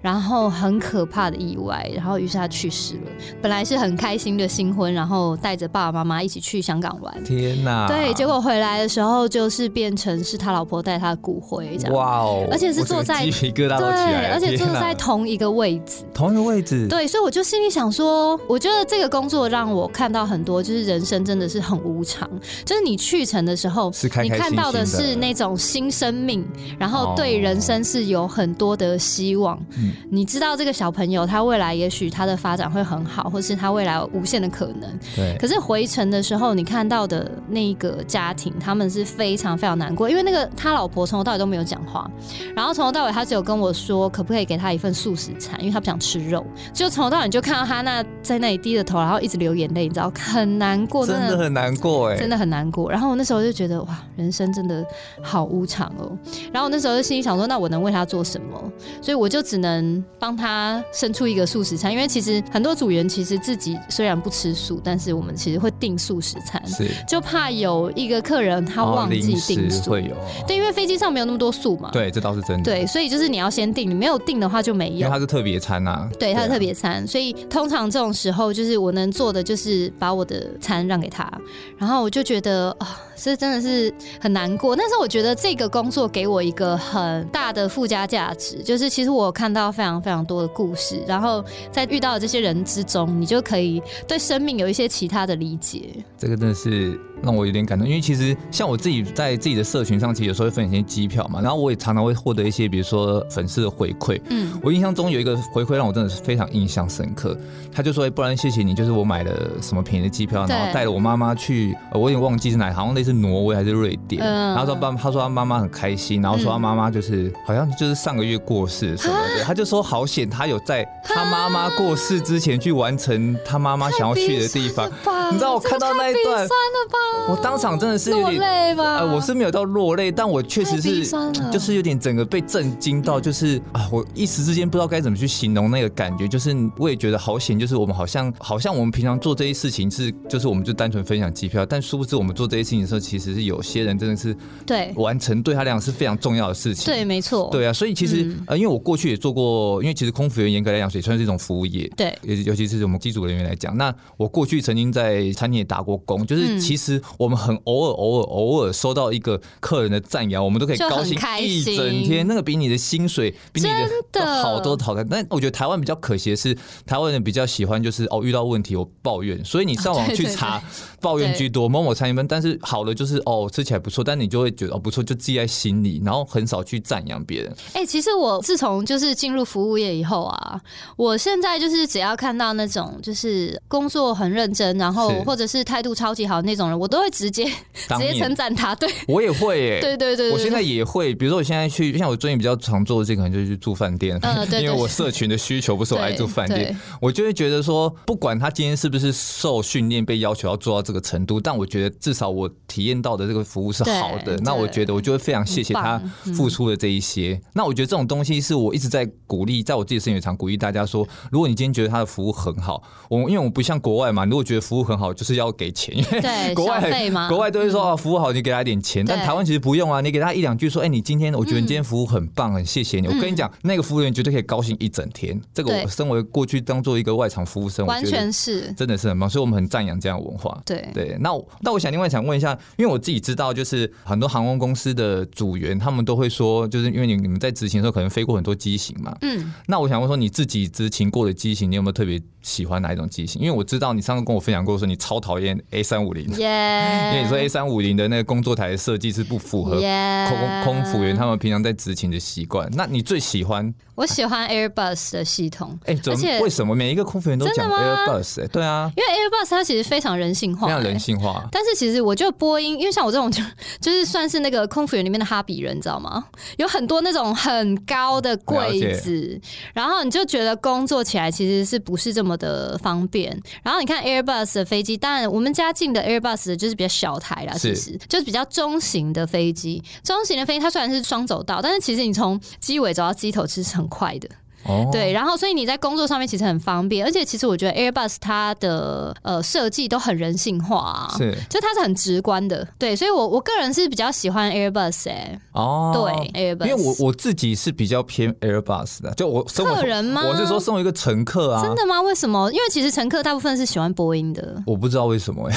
然後很可怕的意外，然後於是他去世了。本來是很開心的新婚，然後帶着爸爸媽媽一起去香港玩。天呐！對，結果回來的時候就是變成是他老婆帶他的骨灰這樣。哇哦！而且是坐在個對，而且坐在同一個位置，同一個位置。對，所以我就心裡想說，我覺得這個工作讓我看到很多。我就是人生真的是很無常，就是你去程的時候，看心心你看到的是那種新生命，然後對人生是有很多的希望。哦，你知道這個小朋友他未來也許他的發展會很好，或是他未來有無限的可能。對。可是回程的時候，你看到的那個家庭，他們是非常非常難過，因為那個他老婆從頭到尾都沒有講話，然後從頭到尾他只有跟我說可不可以給他一份素食餐，因為他不想吃肉。就從頭到尾你就看到他那在那裡低着頭，然後一直流眼淚，你知道。很難過很，真的很難過哎、欸，真的很難過。然後我那時候就覺得哇，人生真的好無常哦、喔。然後我那時候就心裡想說，那我能為他做什麼？所以我就只能幫他生出一個素食餐，因為其實很多組員其實自己雖然不吃素，但是我們其實會訂素食餐，是就怕有一個客人他忘記訂素、哦，零食會有，對，因為飛機上沒有那麼多素嘛，對，這倒是真的。對，所以就是你要先訂，你沒有訂的話就沒有，因為他是特別餐啊，對，他是特別餐、啊，所以通常這種時候就是我能做的就是把我。的餐讓給他，然後我就覺得啊，這真的是很難過。但是我覺得這個工作給我一個很大的附加價值，就是其實我有看到非常非常多的故事，然後在遇到這些人之中，你就可以對生命有一些其他的理解。這個真的是。讓我有點感動，因為其實像我自己在自己的社群上，其實有時候會分享一些機票嘛，然後我也常常會獲得一些比如說粉絲的回饋。嗯，我印象中有一個回饋讓我真的是非常印象深刻，他就說不然謝謝你，就是我買了什麼便宜的機票，然後帶了我媽媽去，我有點忘記是哪好像類似挪威還是瑞典。嗯、然後說爸，他說他媽媽很開心，然後說他媽媽就是、嗯、好像就是上個月過世什麼的，啊、他就說好險，他有在他媽媽過世之前去完成他媽媽想要去的地方。你知道我看到那一段。我當場真的是有點落淚嗎？呃，我是沒有到落淚，但我確實是，就是有點整個被震驚到，就是、嗯、啊，我一時之間不知道該怎麼去形容那個感覺。就是我也覺得好險，就是我們好像好像我們平常做這些事情是，就是我們就單純分享機票，但殊不知我們做這些事情的時候，其實是有些人真的是對完成對他來講是非常重要的事情。對，對沒錯。對啊，所以其實、嗯、呃，因為我過去也做過，因為其實空服員嚴格來講也算是一種服務業。對，尤尤其是我們機組人員來講，那我過去曾經在餐廳也打過工，就是其實、嗯。我們很偶爾偶爾偶爾收到一個客人的讚揚，我們都可以高興一整天。那個比你的薪水比你的都好多好多，但我覺得台灣比較可惜的是，台灣人比較喜歡就是哦，遇到問題我抱怨，所以你上網去查。抱怨居多，某某餐與分，但是好的就是哦，吃起來不錯，但你就會覺得哦不錯，就記在心裡，然後很少去讚揚別人。哎、欸，其實我自從就是進入服務業以後啊，我現在就是只要看到那種就是工作很認真，然後或者是態度超級好那種人，我都會直接直接稱讚他。對，我也會、欸，對對對，對對對，我現在也會。比如說我現在去，像我最近比較常做的這個，可能就是去住飯店、嗯對對對，因為我社群的需求不是我愛住飯店對對對，我就會覺得說，不管他今天是不是受訓練，被要求要做到這個程度，但我覺得至少我體驗到的這個服務是好的。那我覺得我就會非常謝謝他付出的這一些。嗯嗯、那我覺得這種東西是我一直在鼓勵，在我自己生意場鼓勵大家說：如果你今天覺得他的服務很好，我因為我不像國外嘛，如果覺得服務很好，就是要給錢，因為對國外小費嗎？國外都會說啊、嗯，服務好你給他點錢。但台灣其實不用啊，你給他一兩句說：哎、欸，你今天我覺得你今天服務很棒，很謝謝你。嗯、我跟你講，那個服務員絕對可以高興一整天。這個我身為過去當做一個外場服務生，完全是真的是很棒，所以我們很讚揚這樣的文化。對。對，那我那我想另外想問一下，因為我自己知道，就是很多航空公司的組員，他們都會說，就是因為你你們在執行的時候，可能飛過很多機型嘛。嗯，那我想問說，你自己執行過的機型，你有沒有特別？喜歡哪一種機型？因為我知道你上次跟我分享過，說你超討厭 A 三五零，yeah. 因為你說 A 三五零的那個工作台的設計是不符合空、yeah. 空服員他們平常在執勤的習慣。那你最喜歡？我喜歡 Airbus 的系統，哎、欸，怎麼、而且為什麼每一個空服員都講 Airbus？對啊，因為 Airbus 它其實非常人性化、欸，非常人性化。但是其實我覺得波音，因為像我這種就就是算是那個空服員裡面的哈比人，你知道嗎？有很多那種很高的櫃子、嗯，然後你就覺得工作起來其實是不是這麼？的方便，然後你看 Airbus 的飛機，當然我們家進的 Airbus 就是比較小台啦，其實是就是比較中型的飛機。中型的飛機它雖然是雙走道，但是其實你從機尾走到機頭其實很快的。對，然後所以你在工作上面其實很方便，而且其實我覺得 Airbus 它的呃設計都很人性化，啊，是，就它是很直觀的，對，所以我我個人是比較喜歡 Airbus 哎、欸，哦，對 Airbus，因為我我自己是比較偏 Airbus 的，就我客人嗎？我是說送一個乘客啊，真的嗎？為什麼？因為其實乘客大部分是喜歡波音的，我不知道為什麼，欸，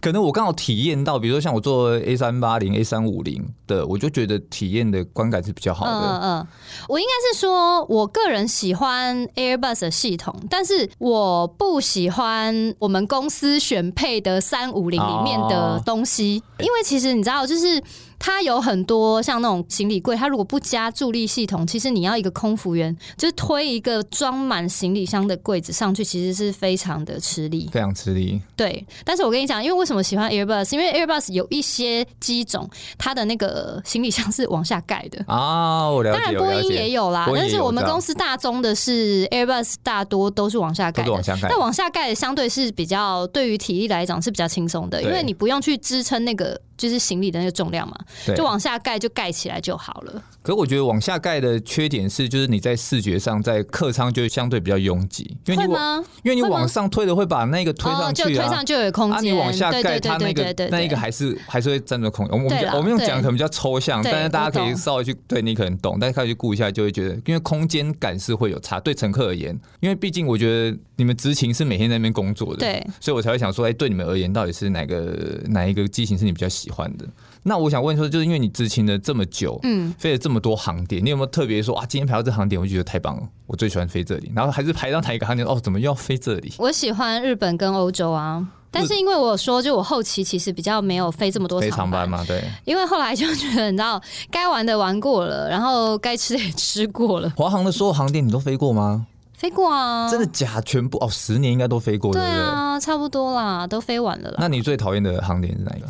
可能我剛好體驗到，比如說像我坐 A 三八零、A 三五零的，我就覺得體驗的觀感是比較好的，嗯、呃、嗯、呃，我應該是說我個人。喜歡 Airbus 的系統，但是我不喜歡我們公司選配的三五零裡面的東西，哦、因為其實你知道，就是。它有很多像那種行李櫃，它如果不加助力系統，其實你要一個空服員就是推一個裝滿行李箱的櫃子上去，其實是非常的吃力，非常吃力。對，但是我跟你講，因為為什麼喜歡 Airbus？因為 Airbus 有一些機種，它的那個行李箱是往下蓋的哦，啊，我了解，當然波音也有啦也有，但是我們公司大宗的是 Airbus，大多都是往下蓋的。但往下蓋相對是比較對於體力來講是比較輕鬆的，因為你不用去支撐那個就是行李的那個重量嘛。對，就往下蓋，就蓋起來就好了。可是我覺得往下蓋的缺點是，就是你在視覺上在客艙就相對比較擁擠，因為你往，因為你往上推了會把那個推上去了、啊，哦、推上就有空間。啊、你往下蓋，它那個對對對對對對那一個還是還是會佔着空間。我們我們用講可能比較抽象，但是大家可以稍微去，對，對,對，你可能懂，大家可以去顧一下，就會覺得因為空間感是會有差。對乘客而言，因為畢竟我覺得。你們執勤是每天在那邊工作的，對，所以我才會想說，哎、欸，對你們而言，到底是哪個哪一個機型是你比較喜歡的？那我想問說，就是因為你執勤了這麼久，嗯，飛了這麼多航點，你有沒有特別說，啊？今天排到這航點，我就覺得太棒了，我最喜歡飛這裡。然後還是排到哪一個航點，哦，怎麼又要飛這裡？我喜歡日本跟歐洲啊，但是因為我說，就我後期其實比較沒有飛這麼多航班嘛，對，因為後來就覺得，你知道，該玩的玩過了，然後該吃的也吃過了。華航的所有航點你都飛過嗎？飛過啊！真的假？全部哦，十年應該都飛過，對不對？對啊，差不多啦，都飛完了啦。那你最討厭的航點是哪一個？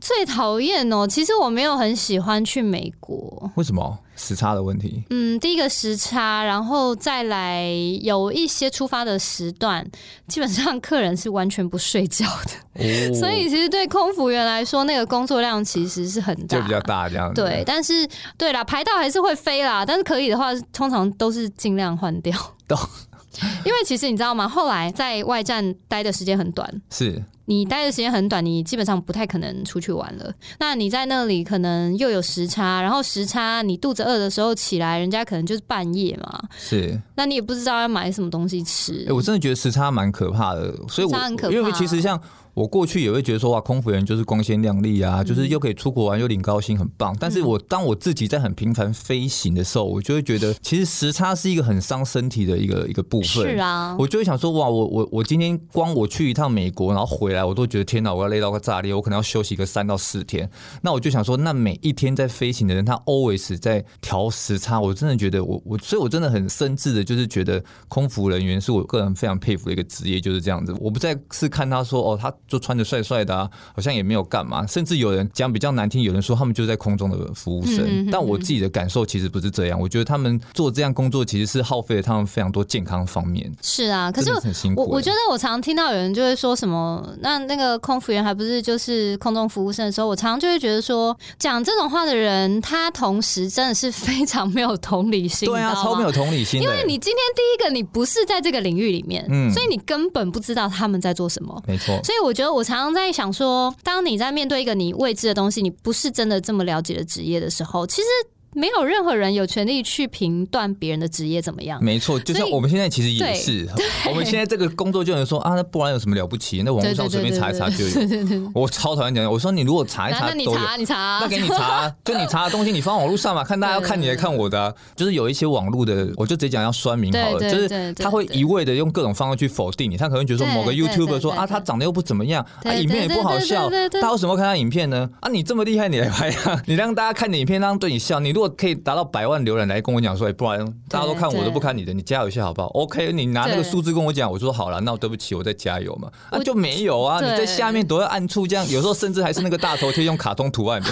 最討厭哦，其實我沒有很喜歡去美國。為什麼？時差的問題，嗯，第一個時差，然後再來有一些出發的時段，基本上客人是完全不睡覺的，哦、所以其實對空服員來說，那個工作量其實是很大，就比較大這樣子對。對，但是對啦，排到還是會飛啦，但是可以的話，通常都是盡量換掉。懂， *laughs* 因為其實你知道嗎？後來在外站待的時間很短，是。你待的時間很短，你基本上不太可能出去玩了。那你在那裡可能又有時差，然後時差你肚子餓的時候起來，人家可能就是半夜嘛。是，那你也不知道要買什麼東西吃。欸，我真的覺得時差蠻可怕的，所以我，時差很可怕，因為其實像。我過去也會覺得說，哇，空服員就是光鮮亮麗啊，就是又可以出國玩又領高薪，很棒。但是我當我自己在很頻繁飛行的時候，我就會覺得其實時差是一個很傷身體的一個一個部分。是啊，我就會想說哇，我我我今天光我去一趟美國，然後回來，我都覺得天哪，我要累到個炸裂，我可能要休息個三到四天。那我就想說，那每一天在飛行的人，他 always 在調時差。我真的覺得我我，所以我真的很深摯的，就是覺得空服人員是我個人非常佩服的一個職業，就是這樣子。我不再是看他說哦，他。就穿得帥帥的啊，好像也沒有幹嘛，甚至有人講比較難聽，有人說他們就是在空中的服務生。嗯嗯嗯嗯。但我自己的感受其實不是這樣，我覺得他們做這樣工作其實是耗費了他們非常多健康方面。是啊，可是真的很辛苦。欸、我我覺得我常聽到有人就會說什麼，那那個空服員還不是就是空中服務生的時候，我常常就會覺得說，講這種話的人，他同時真的是非常沒有同理心。對啊，超沒有同理心的。欸，因為你今天第一個你不是在這個領域裡面，嗯，所以你根本不知道他們在做什麼。沒錯，所以我。我覺得我常常在想說，當你在面對一個你未知的東西，你不是真的這麼了解的職業的時候，其實。沒有任何人有權利去評斷別人的職業怎麼樣？沒錯，就像我們現在其實也是，我們現在這個工作就能說啊，那不然有什麼了不起？那網絡上我隨便查一查就有。我超討厭講，我說你如果查一查都有，你查，你查，啊，那給你查，啊， *laughs* 就你查的東西，你放網絡上嘛，看大家要看你來看我的，啊，就是有一些網絡的，我就直接講要酸民好了，就是他會一味的用各種方式去否定你，他可能覺得說某個 YouTuber 說啊，他長得又不怎麼樣，啊，啊，影片也不好笑，他為什麼看他影片呢？啊，你這麼厲害，你來拍啊，你讓大家看你的影片，讓他對你笑，你如果可以達到百萬瀏覽來跟我講說，哎，不然大家都看我都不看你的，你加油一下好不好？OK，你拿那個數字跟我講，我說好了，那我對不起，我再加油嘛、啊。那就沒有啊，你在下面躲在暗處，這樣有時候甚至還是那個大頭貼，用卡通圖案。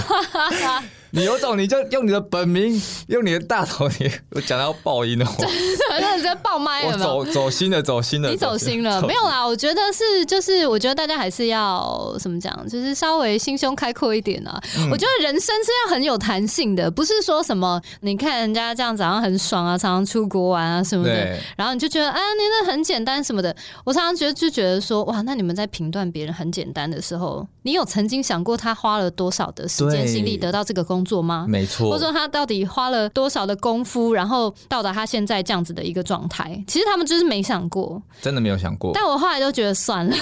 你有種，你就用你的本名，用你的大頭貼。我講到爆音了，真的在爆麥了，走了，走心了，走心了。你走心了，沒有啦，我覺得是，就是我覺得大家還是要怎麼講，就是稍微心胸開闊一點啊。我覺得人生是要很有彈性的，不是說。什麼？你看人家這樣子好像很爽啊，常常出國玩啊什麼的，然後你就覺得啊，你那很簡單什麼的。我常常覺得就覺得說，哇，那你們在評斷別人很簡單的時候，你有曾經想過他花了多少的時間精力得到這個工作嗎？沒錯，或者說他到底花了多少的功夫，然後到達他現在這樣子的一個狀態？其實他們就是沒想過，真的沒有想過。但我後來都覺得算了，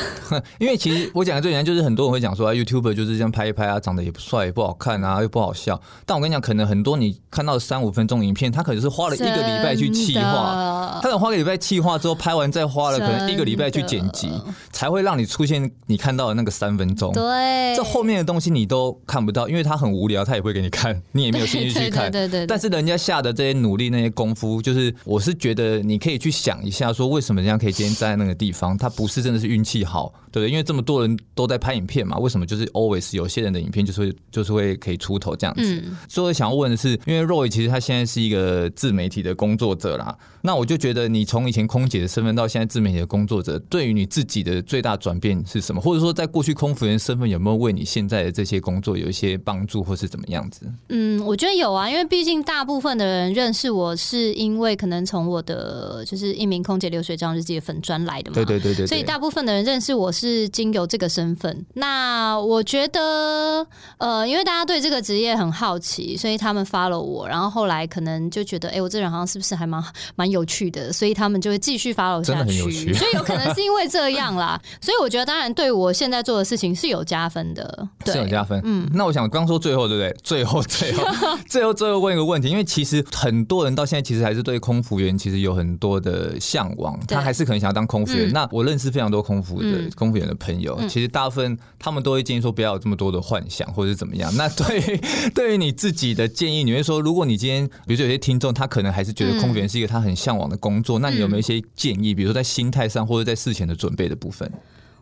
因為其實我講的最簡單就是很多人會講說 *laughs* ，YouTuber 就是這樣拍一拍啊，長得也不帥也不好看啊，又不好笑。但我跟你講，可能很多你。你看到三五分鐘影片，他可能是花了一個禮拜去企劃，他可能花個禮拜企劃之後拍完，再花了可能一個禮拜去剪輯，才會讓你出現你看到的那個三分鐘。對，這後面的東西你都看不到，因為他很無聊，他也會給你看，你也沒有興趣去看。對對，對，對對。但是人家下的這些努力、那些功夫，就是我是覺得你可以去想一下，說為什麼人家可以今天站在那個地方？他不是真的是運氣好，對不對？因為這麼多人都在拍影片嘛，為什麼就是 always 有些人的影片就是會就是會可以出頭這樣子？嗯、所以我想要問的是，因為 Zoe 其實他現在是一個自媒體的工作者啦。那我就覺得，你從以前空姐的身份到現在自媒體的工作者，對於你自己的最大轉變是什麼？或者說，在過去空服員身份有沒有為你現在的這些工作有一些幫助，或是怎麼樣子？嗯，我覺得有啊，因為畢竟大部分的人認識我是因為可能從我的就是一名空姐流水賬日記的粉專來的嘛，對，對對對對，所以大部分的人認識我是經由這個身份。那我覺得，呃，因為大家對這個職業很好奇，所以他們 follow 我，然後後來可能就覺得，哎，我這人好像是不是還蠻蠻。有趣的，所以他們就會繼續 follow 下去。真的很有趣，所以有可能是因為這樣啦。 *laughs* 所以我覺得，當然對我現在做的事情是有加分的，對，是有加分。嗯，那我想剛說最後，對不對？最後，最後，最後，最後問一個問題， *laughs* 因為其實很多人到現在其實還是對空服員其實有很多的向往，他還是可能想要當空服員。嗯、那我認識非常多空服的、嗯、空服員的朋友、嗯，其實大部分他們都會建議說不要有這麼多的幻想，或者是怎麼樣。嗯、那對於對於你自己的建議，你會說，如果你今天比如說有些聽眾，他可能還是覺得空服員是一個他很。嚮往的工作，那你有沒有一些建議？比如說在心態上，或者在事前的準備的部分。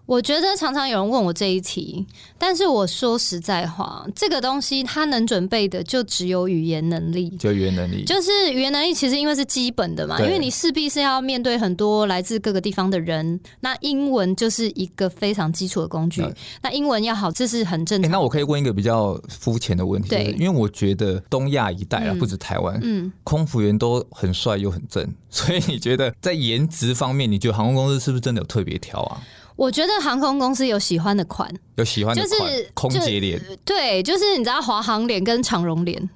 我覺得常常有人問我這一題，但是我說實在話，這個東西它能準備的就只有語言能力，就語言能力，就是語言能力。其實因為是基本的嘛，因為你勢必是要面對很多來自各個地方的人，那英文就是一個非常基礎的工具，那。那英文要好，這是很正常的。欸，那我可以問一個比較膚淺的問題，就是，對，因為我覺得東亞一帶啊，不止台灣，嗯，嗯，空服員都很帥又很正，所以你覺得在顏值方面，你覺得航空公司是不是真的有特別挑啊？我覺得航空公司有喜歡的款，有喜歡的款，就是空姐臉。對，就是你知道華航臉跟長榮臉。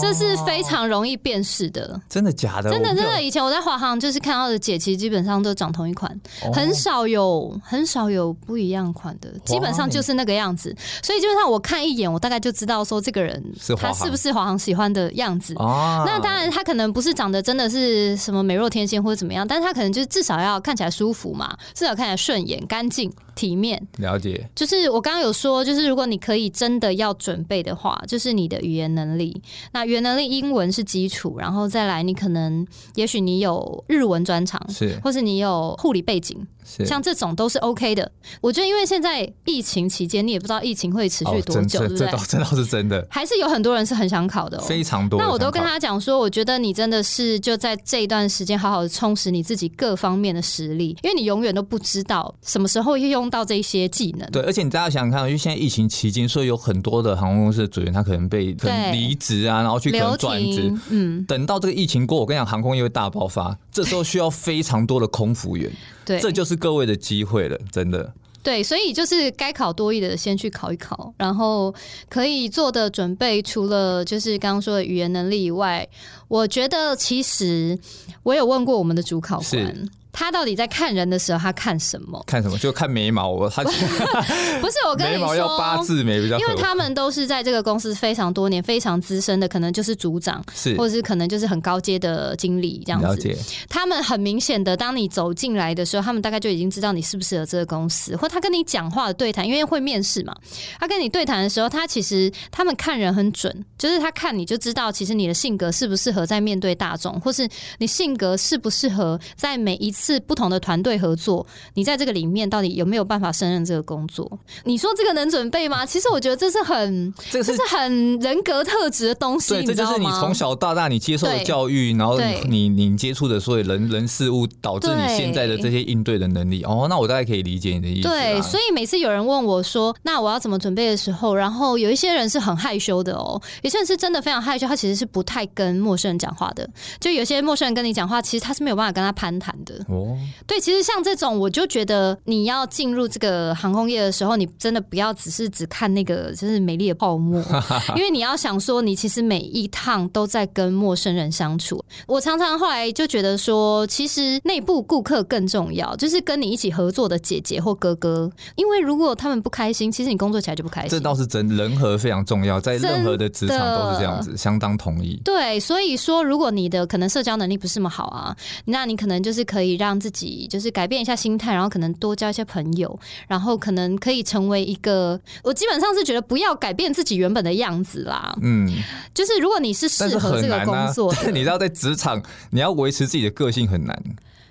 這是非常容易辨識的。真的假的？真的真的。以前我在華航就是看到的姐，其實基本上都長同一款，很少有很少有不一樣款的，基本上就是那個樣子。所以基本上我看一眼，我大概就知道說這個人他是不是華航喜歡的樣子。那當然他可能不是長得真的是什麼美若天仙或者怎麼樣，但是他可能就是至少要看起來舒服嘛，至少看起來順眼、乾淨、體面。了解。就是我剛剛有說，就是如果你可以真的要準備的話，就是你的語言能力。那原能力，英文是基礎，然後再來，你可能也許你有日文專長，是，或是你有護理背景。像這種都是 OK 的，我覺得因為現在疫情期間，你也不知道疫情會持續多久，這倒這倒是真的。還是有很多人是很想考的，非常多。那我都跟他講說，我覺得你真的是就在這一段時間，好好的充實你自己各方面的實力，因為你永遠都不知道什麼時候要用到這一些技能。對，而且你大家想想看，因為現在疫情期間，所以有很多的航空公司的組員他可能被離職啊，然後去可能轉職，嗯。等到這個疫情過，我跟你講，航空業會大爆發，這時候需要非常多的空服員。 *laughs* 這就是各位的機會了，真的。對，所以就是該考多益的，先去考一考，然後可以做的準備，除了就是剛剛說的語言能力以外。我覺得其實我有問過我們的主考官，他到底在看人的時候他看什麼？看什麼？就看眉毛。他 *laughs* 不是我跟你說， *laughs* 眉毛要八字眉比較好。因為他們都是在這個公司非常多年、非常資深的，可能就是組長，是或者是可能就是很高階的經理這樣子。了解。他們很明顯的，當你走進來的時候，他們大概就已經知道你適不適合這個公司，或他跟你講話的對談，因為會面試嘛。他跟你對談的時候，他其實他們看人很準，就是他看你就知道，其實你的性格適不適合。在面對大眾，或是你性格適不適合在每一次不同的團隊合作，你在這個裡面到底有沒有辦法勝任這個工作？你說這個能準備嗎？其實我覺得這是很，這是，這是很人格特質的東西對，對，這就是你從小到大你接受的教育，然後你你接觸的所有人人事物，導致你現在的這些應對的能力。哦，那我大概可以理解你的意思啊。對，所以每次有人問我說，那我要怎麼準備的時候，然後有一些人是很害羞的哦、喔，有些人是真的非常害羞，他其實是不太跟陌生人，講話的，就有些陌生人跟你講話，其實他是沒有辦法跟他攀談的。哦、oh.，對，其實像這種，我就覺得你要進入這個航空業的時候，你真的不要只是只看那個就是美麗的泡沫， *laughs* 因為你要想說，你其實每一趟都在跟陌生人相處。我常常後來就覺得說，其實內部顧客更重要，就是跟你一起合作的姐姐或哥哥，因為如果他們不開心，其實你工作起來就不開心。這倒是真，人和非常重要，在任何的職場都是這樣子，相當同意。對，所以。說，如果你的可能社交能力不是那麼好啊，那你可能就是可以讓自己就是改變一下心態，然後可能多交一些朋友，然後可能可以成為一個。我基本上是覺得不要改變自己原本的樣子啦。嗯，就是如果你是適合這個工作，啊、你知道在職場，你要維持自己的個性很難。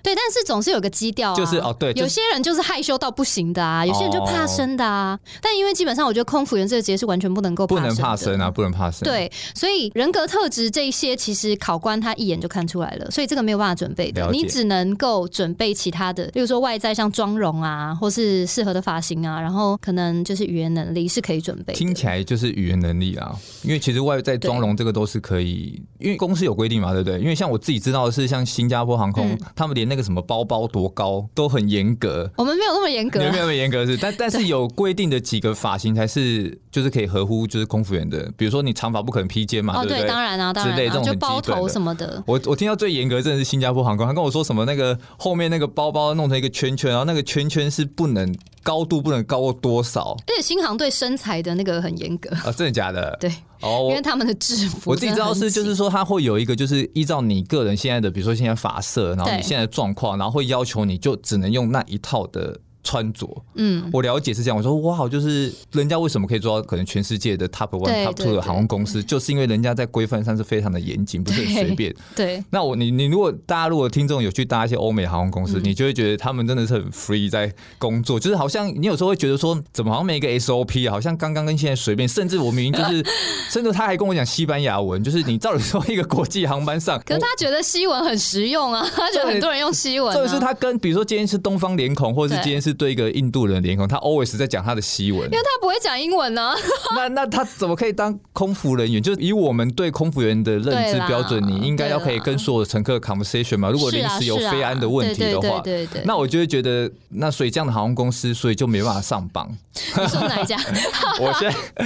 對，但是總是有個基調啊。就是哦，對，有些人就是害羞到不行的啊，就是、有些人就怕生的啊。哦、但因為基本上，我覺得空服員這個職業是完全不能夠不能怕生啊，不能怕生、啊。對，所以人格特質這一些其實考官他一眼就看出來了，所以這個沒有辦法準備的，你只能夠準備其他的，例如說外在像妝容啊，或是適合的髮型啊，然後可能就是語言能力是可以準備。聽起來就是語言能力啊，因為其實外在妝容這個都是可以，因為公司有規定嘛，對不對？因為像我自己知道的是，像新加坡航空，嗯、他們連那個什麼包包多高都很嚴格，我們沒有那麼嚴格，有沒有那麼嚴格是， *laughs* 但但是有規定的幾個髮型才是就是可以合乎就是空服員的，比如說你長髮不可能披肩嘛，哦、啊對，對，啊、對，當然啊，當然、啊之類，就包頭什麼的，的我我聽到最嚴格的真的是新加坡航空，他跟我說什麼那個後面那個包包弄成一個圈圈，然後那個圈圈是不能。高度不能高過多少？而且新航對身材的那個很嚴格啊！哦，真的假的？ *laughs* 對哦，因為他們的制服，我自己知道是就是說，他會有一個就是依照你個人現在的，比如說現在髮色，然後你現在的狀況，然後會要求你就只能用那一套的。穿着，嗯，我了解是這樣。我說哇，好，就是人家為什麼可以做到可能全世界的 top one top two 的航空公司，對對對，就是因為人家在規範上是非常的嚴謹，不是很隨便對。對。那我你你如果大家如果聽眾有去搭一些歐美航空公司，你就會覺得他們真的是很 free 在工作，嗯，就是好像你有時候會覺得說，怎麼好像每一個 SOP 好像剛剛跟現在隨便，甚至我明明就是， *laughs* 甚至他還跟我講西班牙文，就是你照理說一個國際航班上，可是他覺得西文很實用啊，他覺得很多人用西文，啊，或者是他跟比如說今天是東方臉孔，或者是今天是。是對一個印度人臉孔，他 always 在講他的西文，因為他不會講英文呢、啊。 *laughs* 那那他怎麼可以當空服人員？就以我們對空服人員的認知標準，你應該要可以跟所有乘客的 conversation 嘛。如果臨時有飛安的問題的話，對對對對對對，那我就會覺得，那所以這樣的航空公司，所以就沒辦法上榜。 *laughs* *laughs* 我現在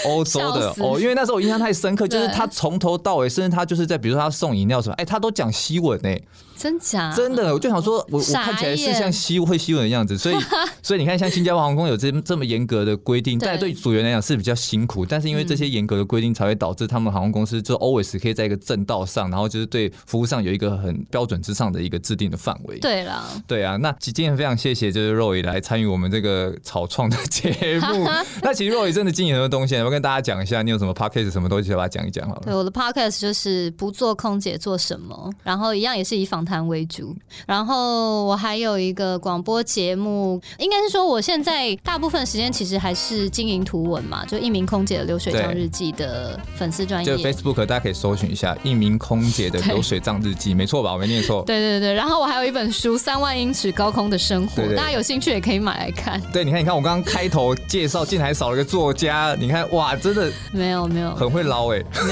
歐洲的，哦，因為那時候我印象太深刻，就是他從頭到尾，甚至他就是在比如說他送飲料什麼，哎、欸，他都講西文呢、欸。真假？真的，我就想說我，我我看起來是像吸會吸吻的樣子，所以 *laughs* 所以你看，像新加坡航空有這這麼嚴格的規定，但對組員來講是比較辛苦，但是因為這些嚴格的規定，才會導致他們航空公司就 always 可以在一個正道上，然後就是對服務上有一個很標準之上的一個制定的範圍。對啦，對啊，那今天非常謝謝就是 Zoe 來參與我們這個草創的節目。 *laughs* 那其實 Zoe 真的經營的東西，我 *laughs* 跟大家講一下，你有什麼 podcast 什麼東西要把它講一講？好了，對，我的 podcast 就是不做空姐做什麼，然後一樣也是以防談為主，然後我還有一個廣播節目，應該是說我現在大部分時間其實還是經營圖文嘛，就一名空姐的流水賬日記的粉絲專頁，對，就 Facebook 大家可以搜尋一下一名空姐的流水賬日記，沒錯吧？我沒念錯，對對對。然後我還有一本書《三萬英尺高空的生活》對對對，大家有興趣也可以買來看。對，你看，你看，我剛剛開頭介紹竟然還少了個作家，你看哇，真的沒有沒有，很會撈哎、欸，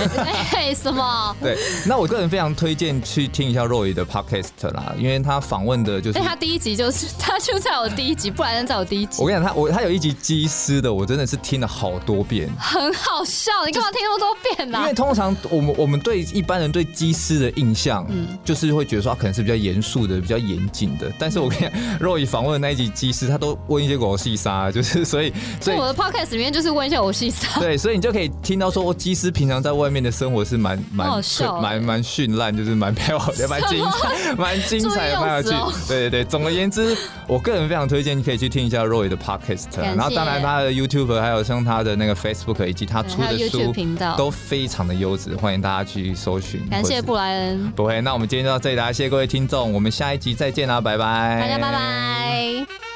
沒,沒什麼。 *laughs* 對，那我個人非常推薦去聽一下若雨的 pop。 *laughs* cast 啦，因為他訪問的就是他第一集就是他就在我第一集，不然在我第一集。我跟你講，他我他有一集機師的，我真的是聽了好多遍，很好笑。你幹嘛聽那麼多遍呢啊？就是，因為通常我們我們對一般人對機師的印象，嗯，就是會覺得說他可能是比較嚴肅的、比較嚴謹的。但是我跟你講，Roy 訪問的那一集機師他都問一些五四三，就是所以所以我的 podcast 裡面就是問一下五四三，對，所以你就可以聽到說，我機師平常在外面的生活是蠻蠻蠻蠻絢爛，就是蠻漂亮、蠻精彩。蠻精彩的、蠻、哦、有趣，對對對。總而言之， *laughs* 我個人非常推薦，你可以去聽一下 Roy 的 Podcast，、啊、然後當然他的 YouTube，還有像他的那個 Facebook 以及他出的書，頻道都非常的優質，歡迎大家去搜尋。感謝布萊恩，不會。那我們今天就到這裡，大家謝謝各位聽眾，我們下一集再見啦，拜拜，大家拜拜。